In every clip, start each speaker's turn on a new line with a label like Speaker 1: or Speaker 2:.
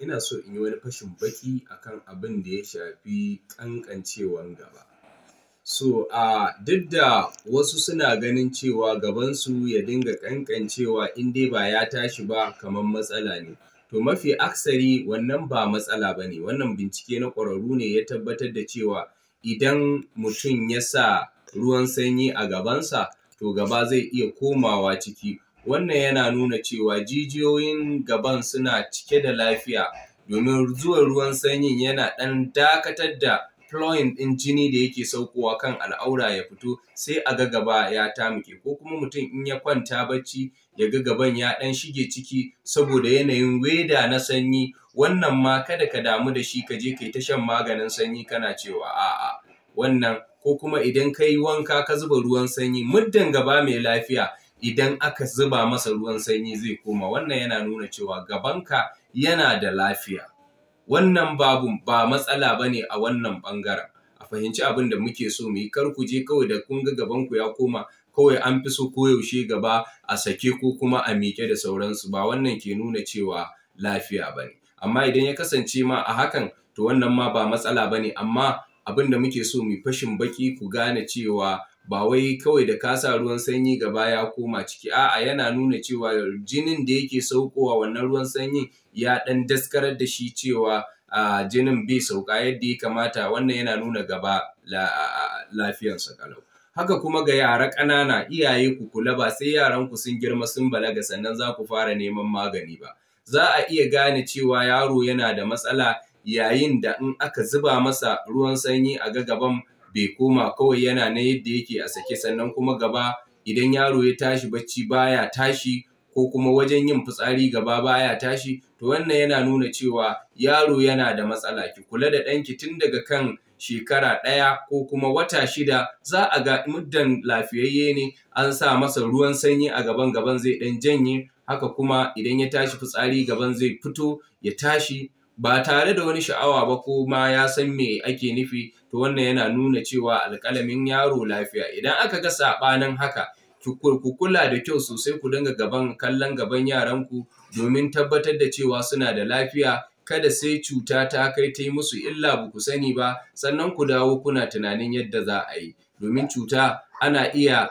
Speaker 1: ina so in yi wani fashin baki akan abin da ya shafi ƙanƙancewan gaba. So, a duk da wasu suna ganin cewa gabansu ya dinga ƙanƙancewa in dai ba ya tashi ba kamar matsala ne. To mafi aksari wannan ba matsala ba ne, wannan bincike na ƙwararru ne ya tabbatar da cewa idan mutum ya sa ruwan sanyi a gabansa, to gaba zai iya komawa ciki wannan yana nuna cewa jijiyoyin gaban suna cike da lafiya domin zuwan ruwan sanyin yana ɗan dakatar da ploin ɗin jini da yake saukowa kan al'aura ya fito sai a ga gaba ya tamuke ko kuma mutum in ya kwanta bacci ya ga gaban ya ɗan shige ciki saboda yanayin weda na sanyi wannan ma kada ka damu da shi ka je kai ta shan maganin sanyi kana cewa a'a wannan ko kuma idan ka yi wanka ka zuba ruwan sanyi muddin gaba mai lafiya idan aka zuba masa ruwan sanyi zai koma wannan yana nuna cewa gabanka yana da lafiya wannan babu ba matsala ba ne a wannan bangaren a fahimci abin da muke so mu yi kar ku je kawai da kun ga gabanku ya koma kawai an fi so koyaushe gaba a sake ko kuma a miƙe da sauransu ba wannan ke nuna cewa lafiya ba ne amma idan ya kasance ma a hakan to wannan ma ba matsala ba ne amma abin da muke so mu fashin baki ku gane cewa ba wai kawai da kasa ruwan sanyi gaba ya koma ciki a'a yana nuna cewa jinin da yake saukowa wannan ruwan sanyin ya dan daskarar da shi cewa a jinin bai sauka yadda ya kamata wannan yana nuna gaba lafiyarsa kalau haka kuma ga yara ƙanana iyaye ku kula ba sai yaran ku sun girma sun balaga sannan za ku fara neman magani ba za a iya gane cewa yaro yana da matsala yayin da in aka zuba masa ruwan sanyi a ga gaban bai koma kawai yana na yadda yake a sake sannan kuma gaba idan yaro ya tashi bacci baya tashi ko kuma wajen yin fitsari gaba baya tashi to wannan yana nuna cewa yaro yana da matsala ki kula da ɗanki tun daga kan shekara ɗaya ko kuma wata shida za a ga muddan lafiyayye ne an sa masa ruwan sanyi a gaban gaban zai ɗan janye haka kuma idan ya tashi fitsari gaban zai fito ya tashi ba tare da wani sha'awa ba ko ma ya san me ake nufi to wannan yana nuna cewa alƙalamin yaro lafiya idan aka ga saɓanin haka ku kula da kyau sosai ku dinga gaban kallon gaban yaranku domin tabbatar da cewa suna da lafiya kada sai cuta ta kai ta yi musu illa ba ku sani ba sannan ku dawo kuna tunanin yadda za a yi domin cuta ana iya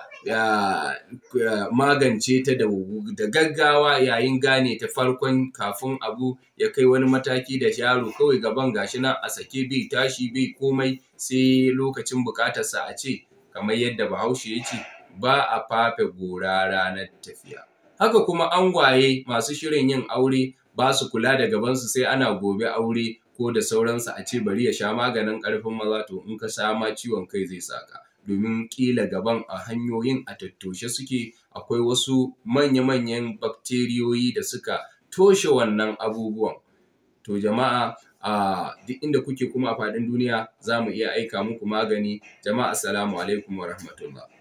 Speaker 1: magance ta da gaggawa yayin gane ta farkon kafin abu ya kai wani mataki da yaro kawai gaban gashi nan a sake bai tashi bai komai sai lokacin bukatarsa a ce kamar yadda bahaushe ya ce ba a fafe gora ranar tafiya haka kuma an angwaye masu shirin yin aure ba su kula da gabansu sai ana gobe aure ko da sauransu a ce bari ya sha maganin ƙarfin maza to in ka sama ciwon kai zai saka domin ƙila gaban a hanyoyin a tattoshe suke akwai wasu manya-manyan bakteriyoyi da suka toshe wannan abubuwan to jama'a a duk inda kuke kuma a faɗin duniya za mu iya aika muku magani jama'a assalamu alaikum wa rahmatullah